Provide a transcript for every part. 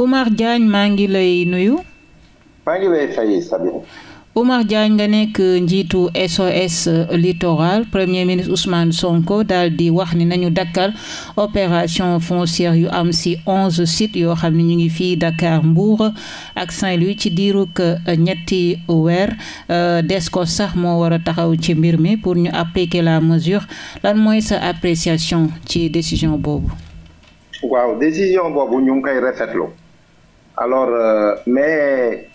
Oumar Diagne maa ngi lay nuyu. maa ngi nga nekk njiitu SOS euh, littoral premier ministre Ousmane Sonko dal di wax ni nañu dakkal opération foncière yu am ci onze sites yoo xam ne ñu ngi fii Dakar Mbour ak Saint-Louis ci diirug euh, ñetti weer euh, des ko sax moo war a taxaw ci mbir mi pour ñu appliquer la mesure lan mooy sa appréciation ci décision boobu. waaw décision boobu ñu ngi koy rafetlu. alors euh, mais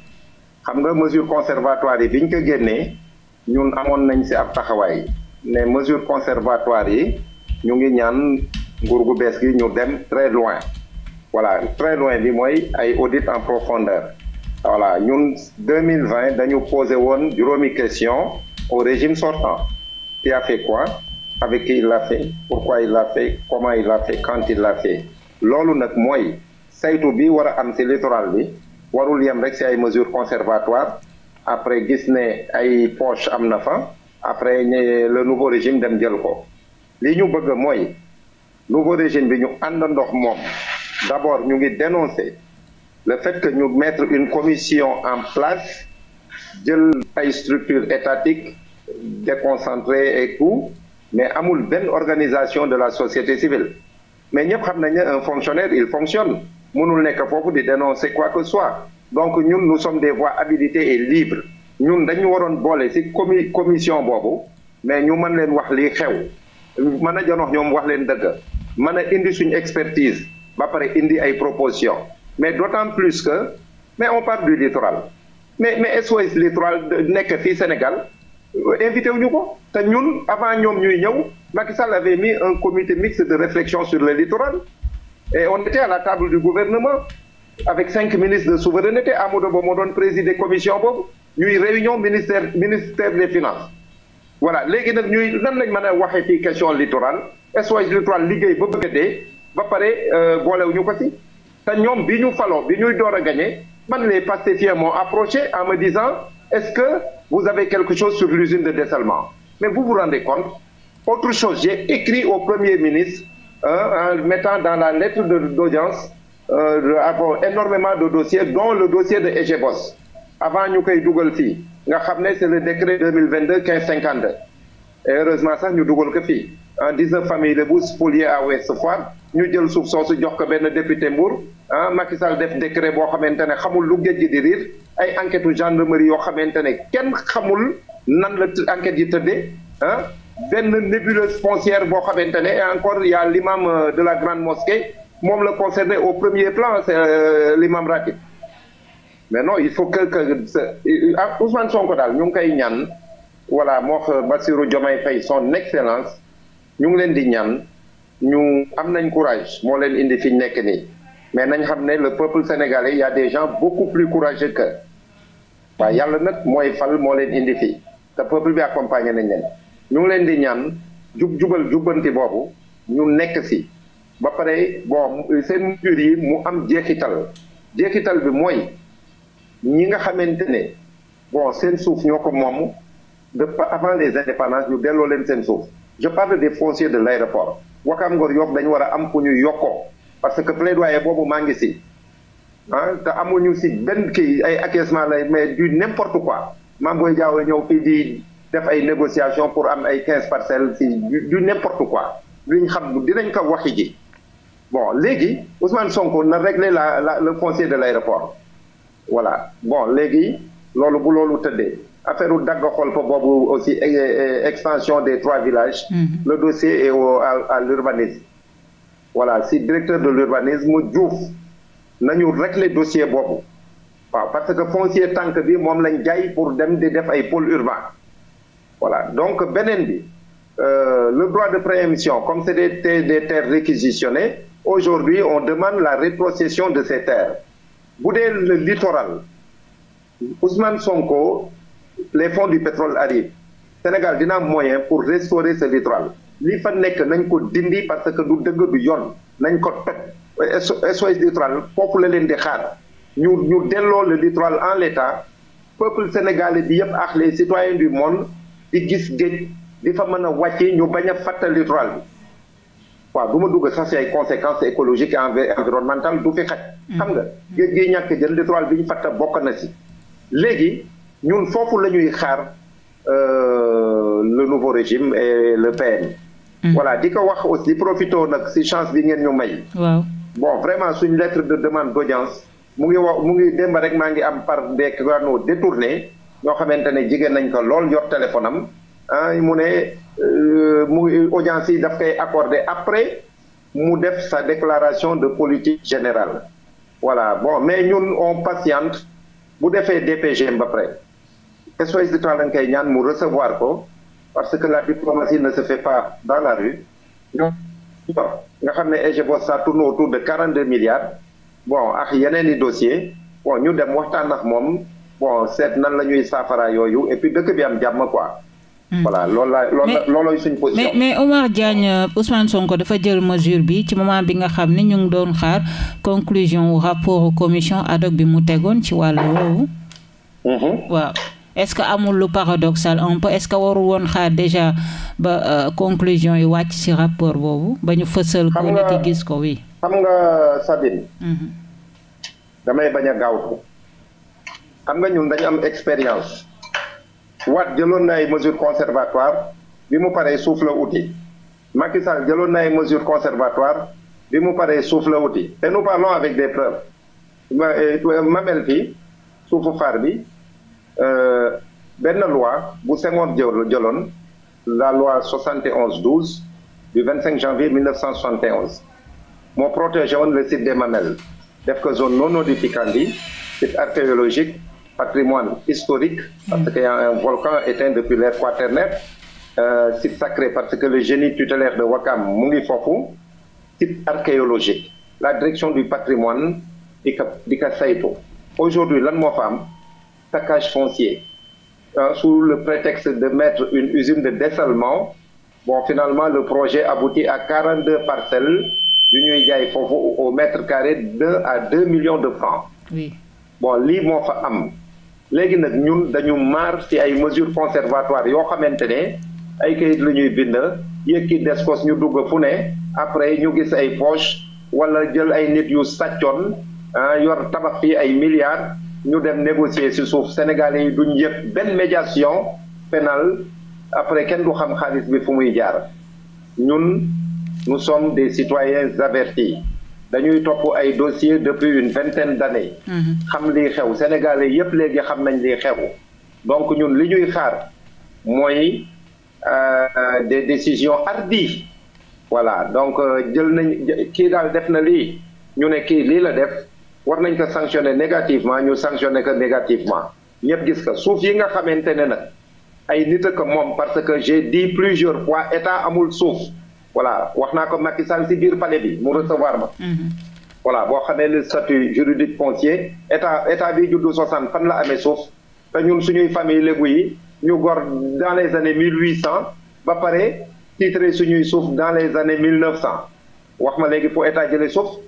xam nga mesure conservatoire yi biñ ko génnee ñun amoon nañ si ab taxawaay ne mesure conservatoire yi ñu ngi ñaan nguur gu bees gi ñu dem très loin voilà très loin bi mooy ay audit en profondeur voilà ñun 2020 dañu posé woon juróomi question au régime sortant qui a fait quoi avec qui il l'a fait pourquoi il l'a fait comment il l'a fait quand il l'a fait loolu nag mooy saytu bi war a am ci littoral bi warul yem rek si ay mesures conservatoires après gis ne ay poche am na fa après le nouveau régime dem jël ko li ñu bëgg mooy nouveau régime bi ñu ànd ndox moom d'abord ñu ngi dénoncer le fait que ñu mettre une commission en place jël ay structures étatiques déconcentrées et tout mais amul ben organisation de la société civile mais ñëpp xam nañ un fonctionnaire il fonctionne mënul nekk foofu di dénoncer quoi que soi donc ñun nous sommes des voix habilitées et libres ñun dañu waroon boole ci comi commission boobu mais ñu mën leen wax lii xew mën a jonox ñoom wax leen dëgg mën a indi suñu expertise ba pare indi ay proposition mais d'autant plus que mais on parle du littoral mais mais SOS littoral nekk fii Sénégal invité wuñu ko te ñun avant ñoom ñuy ñëw Macky Sall avait mis un comité mixte de réflexion sur le littoral Et on était à la table du gouvernement avec cinq ministres de souveraineté. Amadou Ba moo doon présider commission boobu ñuy réunion ministère ministère des finances voilà léegi nag ñuy nan lañ mën a waxee fii question littoral SOS littoral liggéey ba bëgg a dee ba pare euh, boolewuñu ko si sa ñoom bi ñu faloo bi ñuy door a gagné man les pastefiens m'ont approché en me disant est-ce que vous avez quelque chose sur l'usine de dessalement mais vous vous rendez compte autre chose j'ai écrit au premier ministre hein, en mettant dans la lettre d'audience euh, énormément de dossiers, dont le dossier de Egeboss. Avant ñu koy dugal fii nga xam ne c'est le décret 2022 1552 et heureusement sax ñu dugal ko fii en 19 famille la bu spolié à Ouest Foire ñu jël suuf soosu jox ko benn député Mbour ah Macky Sall def décret boo xamante ne xamul lu géej gi di ay enquête gendarmerie yoo xamante ne kenn xamul nan la enquête yi tëddee ah benn nébuleuse foncière boo xamante ne et encore il y a euh, de la grande mosquée moom la concerné au premier plan c'est euh, l'imam ratib mais non il faut que que euh, ak ah, Ousmane Sonko daal ñu ngi koy ñaan voilà moo wax jomay Diomaye Faye son excellence ñu ngi leen di ñaan ñu am nañ courage moo leen indi fi ñu nekk nii mais nañ xam ne le peuple sénégalais y des gens beaucoup plus courageux que waaye yàlla nag mooy fal moo leen indi fii te peuple bi accompagné nañ leen ñu ngi leen di ñaan jub jubal jubbanti boobu ñu nekk si ba pare bon seen mbir yi mu am jeexital jeexital bi mooy ñi nga xamante ne boo seen suuf ñoo ko moom de avant les indépendances ñu delloo leen seen suuf je parle des fonciers de l'aéroport Ouakam Ngor Yoff dañu war a am ku ñu yokkoo parce que plaidoyer boobu maa ngi si ah te amuñu si benn ki ay acquiescement lay mais du n'importe quoi maam booy jaaw ñëw fii di def ay négociation pour am ay quinze parcelles ci du n'importe quoi ñu xam dinañ ko waxi ji bon léegi Ousmane Sonko na régler la la le foncier de l'aéroport voilà bon léegi loolu bu loolu tëddee affaire u dagg xool fa boobu aussi e, e, e, extension des trois villages mm-hmm. le dossier est au, à, à l'urbanisme si directeur de l'urbanisme Diouf nañu régler dossier boobu waaw parce que foncier tànk bi moom lañ jaay pour dem di def ay pôle urbain voilà donc beneen bi euh, le droit de émission comme c'est des terres des terres réquisitionnées aujourd'hui on demande la rétrocession de ces terres bu dee le littoral Ousmane Sonko les fonds du pétrole arrivent Sénégal dina moyen pour restaurer ce littoral li fa nekk nañ ko dindi parce que du dëgg du yoon nañ ko toj SOS littoral foofu la leen di xaar ñu ñu delloo le littoral en l'état peuple sénégalais bi yëpp ak les citoyens du monde di gis géej di fa mën a wàcce ñu bañ a fàttali littoral bi waaw du ma dugg sax si ay conséquences écologiques et environnementales du fi xaj mm. xam nga géej gi ñàkk jël littoral bi ñu fàtta bokk na si léegi ñun foofu la ñuy xaar euh, le nouveau régime et le PM Mmh. voilà di ko wax aussi profito nag ci chance bi ngeen ñu may. waaw bon vraiment suñu lettre de demande d'audience mu ngi wax mu ngi démb rek maa ngi am par des canaux détournés ñoo xamante ne jigéen nañ ko lool yor téléphone am ah mu ne euh, mu audience yi daf koy accordé après mu def sa déclaration de politique générale voilà bon mais ñun on patiente bu defee DPG ba pare SOS Étoile lañ koy ñaan mu recevoir ko parce que la diplomatie ne se fait pas dans la rue nga xam ne EGBOS ça tourne autour de 42 milliards bon ak yeneen i dossier bon ñu dem waxtaan ak moom bon seet nan la ñuy saafara yooyu et puis dëkk bi am jàmm quoi. Hmm. voilà mais mais Omar Diagne euh, Ousmane Sonko dafa jël mesure bi ci moment bi nga xam ne ñu ngi doon xaar conclusion rapport commission ad bi mu tegoon ci wàll woowu. Mm-hmm. waaw est-ce que amul lu paradoxal un peu est-ce que waru woon xaar déjà ba euh, conclusion yi wàcc ci rapport boobu ba ñu fësal. ko nit yi gis ko wi xam nga Sabine. Mm-hmm. damay bañ a gaawtu xam nga ñun dañu am expérience waat jëloon na ay mesures conservatoires bi mu paree suuf la uti Macky Sall jëloon na ay mesures conservatoires bi mu paree suuf la uti te nous parlons avec des preuves euh, mamel fii u faar bi euh, benn loi bu Senghor jëloon la loi 71 12 du 25 janvier 1971 moo protégé woon le site des mamelles def ko zone non aedificandi site archéologique patrimoine historique, parce qu'il y a un volcan éteint depuis l'ère quaternaire, euh, site sacré parce que le génie tutélaire de Wakam, Mungi Fofu, site archéologique, la direction du patrimoine d'Ika Saito. Aujourd'hui, l'ANMOFAM, saccage foncier, euh, sous le prétexte de mettre une usine de dessalement, bon, finalement, le projet aboutit à 42 parcelles du Fofu au mètre carré de à 2 millions de francs. Oui. Bon, l'IMOFAM, léegi nag ñun dañu maar ci ay mesures conservatoires yoo xamante ne ay kayit lu ñuy bind yëkki deskos ñu dugg fu ne après ñu gis ay poche wala jël ay nit yu sàccoon ah, yor tabax fii ay milliards ñu dem négocier ci suuf sénégalais yi duñ yëg benn médiation pénale après kenn du xam xaalis bi fu muy jaar ñun nous sommes des citoyens avertis dañuy topp ay dossiers depuis une vingtaine d'années. Mm-hmm. xam liy xew sénégalais yépp léegi xam nañ liy xew. donc ñun li ñuy xaar mooy euh, des décisions hardies voilà donc euh, jël nañ kii daal def na lii ñu ne kii lii la def war nañ ko sanctionner négativement ñu sanctionner ko négativement ñëpp gis ka suuf yi nga xamante ne na ay nit ak moom parce que j'ai dit plusieurs fois état amul suuf. voilà wax naa ko Macky Sall si biir pale bi mu recevoir ma. Mm-hmm. voilà boo xamee le statut juridique foncier état état bi juddu 60 fan la ame suuf te ñun suñuy famille lébu yi ñu gor dans les années 1800 ba pare titré suñuy suuf dans les années 1900 wax ma léegi foo état jëlee suuf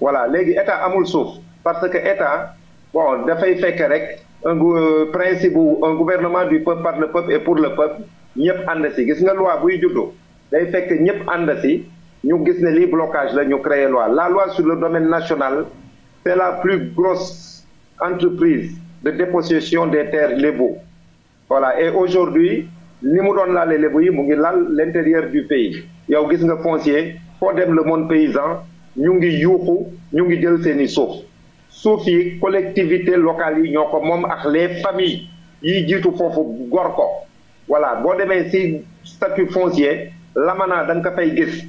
voilà léegi état amul suuf parce que état bon dafay fekke rek un euh, principe un gouvernement du peuple par le peuple et pour le peuple ñëpp ànd si gis nga loi buy juddu. day fekk ñëpp ànd si ñu gis ne lii blocage la ñu créer loi la loi sur le domaine national c'est la plus grosse entreprise de dépossession des terres lébou voilà et aujourd'hui ni mu doon laale lébu yi mu ngi laal l'intérieur du pays yow gis nga foncier foo dem le monde paysan ñu ngi yuuxu ñu ngi jël seeni suuf suuf yi collectivité locale yi ñoo ko moom ak les familles yi jiitu foofu gor ko voilà boo demee si statut foncier lamana da nga ko fay gis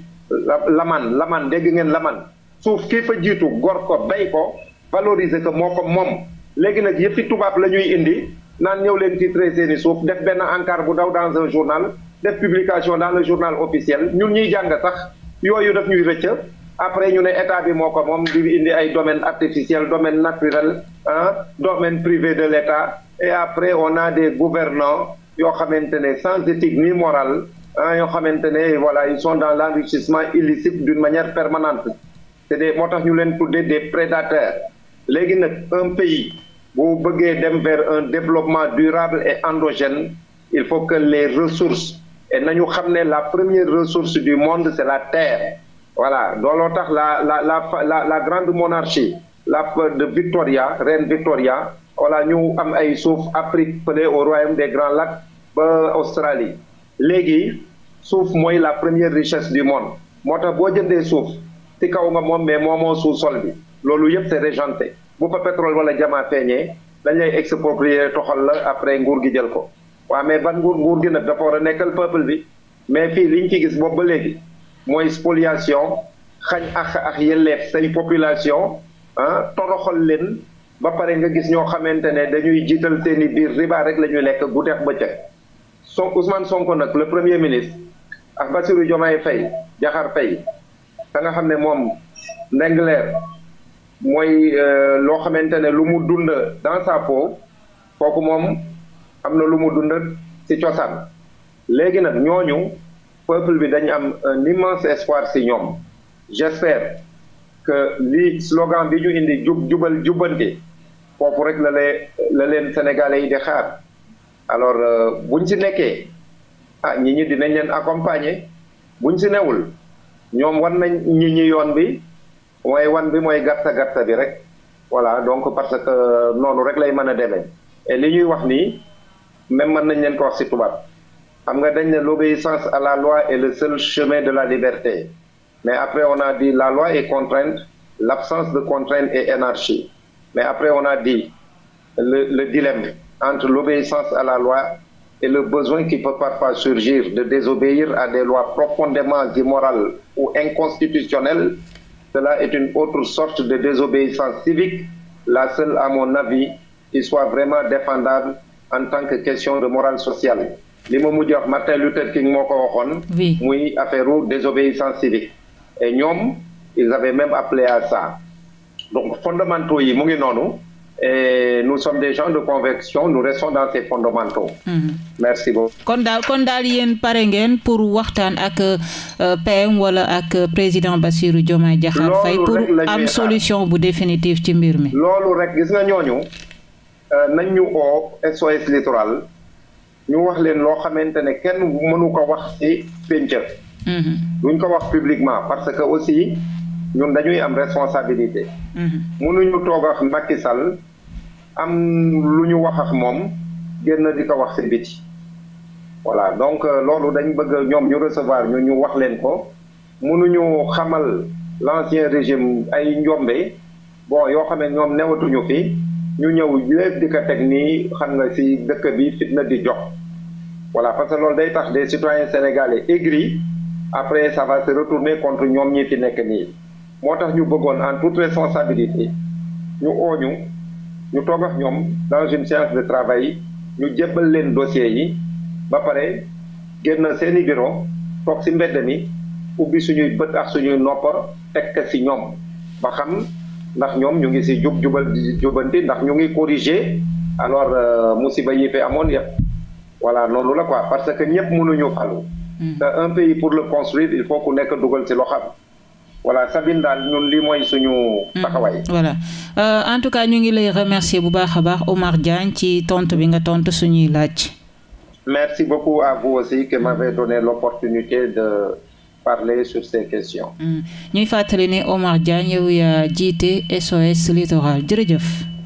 laman laman dégg ngeen laman suuf kii fa jiitu gor ko bay ko valoriser ko moo ko moom léegi nag yëpp tubaab la ñuy indi naan ñëw leen titré seeni suuf def benn encart bu daw dans un journal def publication dans le journal officiel ñun ñuy jàng sax yooyu daf ñuy rëcc après ñu ne état bi moo ko moom di indi ay domaine artificiel domaine naturel ah domaine privé de l' état et après on a des gouvernants yoo xamante ne sans éthique ni morale ah ñoo xamante ne voilà ils sont dans l'enrichissement illicite d'une manière permanente c'est des moo tax ñu leen tuddee des prédateurs léegi nag un boo bëggee dem vers un développement durable et endogène il faut que les ressources et nañu xam ne la première ressource du monde c'est la terre voilà looloo tax la la la la la grande monarchie la de Victoria reine Victoria voilà ñu am ay suuf Afrique fële au royaume des Grands Lacs ba Australie léegi suuf mooy la première richesse du monde moo tax boo jëndee suuf ci kaw nga moom mais moomoo suuf sol bi loolu yëpp c'est régenté bu fa pétrole wala jamaa feeñee dañ lay exproprier toxal la après nguur gi jël ko waa mais ban nguur nguur gi nag dafa war a nekkal peuple bi mais fii liñ ci gis boobu ba léegi mooy spoliation xañ ak ak yelleef say population ah toroxal leen ba pare nga gis ñoo xamante ne dañuy jiital seeni biir riba rek la ñuy lekk guddeeg bëccëg son Ousmane Sonko nag le premier ministre ak Bassirou jomay fay Diakhar Faye ka nga xam ne moom ndengleer mooy euh, loo xamante ne lu mu dund dans sa peau kooku moom am na lu mu dund ci cosaan léegi nag ñooñu peuple bi dañu am un immense espoir ci ñoom j'espère que lii slogan bi ñu indi jubal jubbanti foofu rek la lee la leen sénégalais yi di xaar alors euh, buñ ci nekkee ah ñi ñi dinañ leen accompagner ñu si newul ñoom wan nañ ñi ñi yoon bi waaye wan bi mooy gàtta gàtta bi rek voilà donc parce que euh, noonu rek lay mën a demee li ñuy wax nii même mën nañ leen ko wax si xam nga dañ ne l'obéissance à la loi et le seul chemin de la liberté mais après on a di la loi est contrainte l'absence de contrainte est anarchie mais après on a di le, le dilemme entre l'obéissance à la loi et le besoin qui peut parfois surgir de désobéir à des lois profondément immorales ou inconstitutionnelles, cela est une autre sorte de désobéissance civique, la seule, à mon avis, qui soit vraiment défendable en tant que question de morale sociale. li ma mujj wax Martin Luther King moo ko waxoon. muy affaire u désobéissance civique. et ñoom ils avaient même appelé à ça donc fondamentaux yi mu noonu. et nous sommes des gens de conviction nous restons dans ces fondamentaux. Mhm. merci kon daal kon daal yéen pare ngeen pour waxtaan ak euh, PM wala ak euh, président Bassirou Diomaye Diakhar Faye pour am solution bu définitive ci mbir mi. loolu rek gis nga ñooñu euh, nañ ñu oo SOS littoral ñu wax leen loo xamante ne kenn mënu ko wax ci pénc. luñ mhm. ko wax publiquement parce que aussi ñun dañuy am responsabilité. Mhm. mënuñu toog ak Macky am lu ñu wax ak moom génn di ko wax si biti voilà donc euh, loolu dañ bëgg ñoom ñu recevoir ñu ñu wax leen ko mënuñu xamal l'ancien régime ay njombe bon yoo xam ne ñoom newatuñu fi ñu ñëw lépp di ko teg nii xam nga si dëkk bi fitna di jox wala parce que loolu day tax des citoyens sénégalais aigris après ça va se retourner contre ñoom ñi fi nekk nii moo tax ñu bëggoon en toute responsabilité ñu ooñu ñu toog ak ñoom dans une séance de travail ñu jébbal leen dossiers yi ba pare génn seeni bureau toog ci mbedd mi ubbi suñuy bët ak suñuy noppar tekk ci ñoom ba xam ndax ñoom ñu ngi ci jub jubal jubanti ndax ñu ngi corriger alors euh, musiba yi fi amoon yëpp voilà noonu la quoi parce que ñëpp mënuñu falu mm-hmm. te un pays pour le construire il faut ku nekk dugal ci loxam voilà Sabine daal ñun lii mooy suñu. Mm-hmm. taxawaay voilà euh, en tout cas ñu ngi lay remercier bu baax a baax Omar Diagne ci tontu bi nga tont suñuy laaj. merci beaucoup à vous que m'avez donné l'opportunité de parler sur ces questions. Mm-hmm. ñuy fàttali ne Omar Diagne yow yaa jiite SOS Littoral jërëjëf.